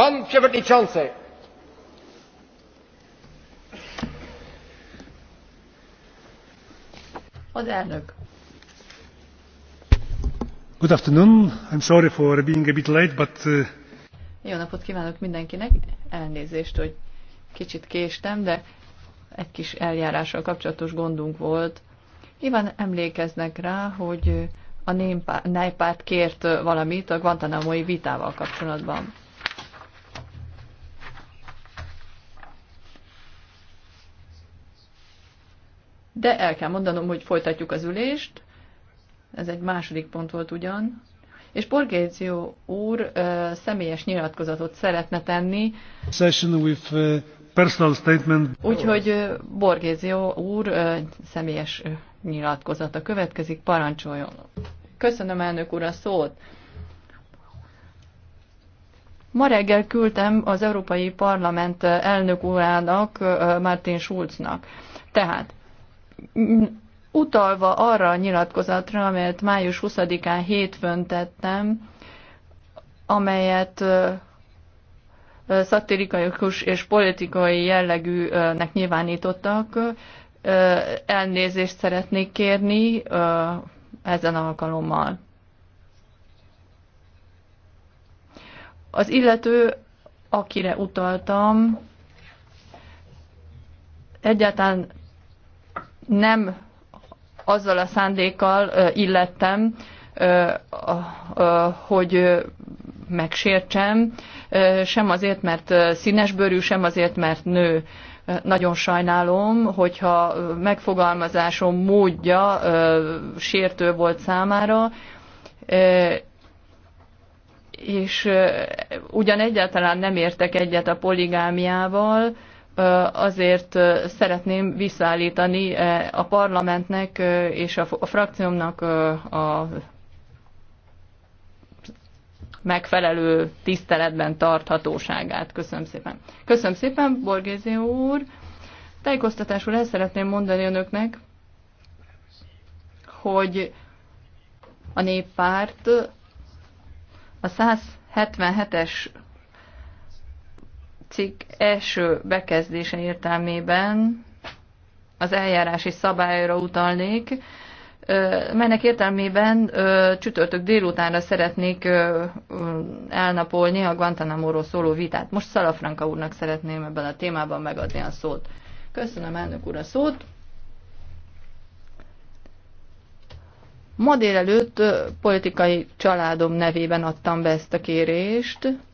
Pan Przewodniczący! Good afternoon. I'm sorry for being a bit late, but... Uh, Jó napot kívánok mindenkinek. Elnézést, hogy kicsit késtem, de egy kis eljárással kapcsolatos gondunk volt. Nyilván emlékeznek rá, hogy a néppárt kért valamit a Guantanamo-i vitával kapcsolatban. de el kell mondanom, hogy folytatjuk az ülést. Ez egy második pont volt ugyan. És Borgézió úr uh, személyes nyilatkozatot szeretne tenni. Session with, uh, personal statement. Úgyhogy uh, Borgézió úr uh, személyes uh, nyilatkozata következik, parancsoljon. Köszönöm elnök úr a szót. Ma reggel küldtem az Európai Parlament elnök urának, Martin Schulznak. Tehát utalva arra a nyilatkozatra, amelyet május 20-án hétfőn tettem, amelyet szatirikus és politikai jellegűnek nyilvánítottak. Elnézést szeretnék kérni ezen alkalommal. Az illető, akire utaltam, egyáltalán nem azzal a szándékkal illettem, hogy megsértsem, sem azért, mert színesbőrű, sem azért, mert nő. Nagyon sajnálom, hogyha megfogalmazásom módja sértő volt számára, és ugyan egyáltalán nem értek egyet a poligámiával, azért szeretném visszaállítani a parlamentnek és a frakciómnak a megfelelő tiszteletben tarthatóságát. Köszönöm szépen. Köszönöm szépen, Borgézi úr. Tájékoztatásul el szeretném mondani önöknek, hogy a néppárt a 177-es cikk első bekezdése értelmében az eljárási szabályra utalnék, melynek értelmében csütörtök délutánra szeretnék elnapolni a Guantanamo-ról szóló vitát. Most Szalafranka úrnak szeretném ebben a témában megadni a szót. Köszönöm elnök úr a szót. Ma délelőtt politikai családom nevében adtam be ezt a kérést.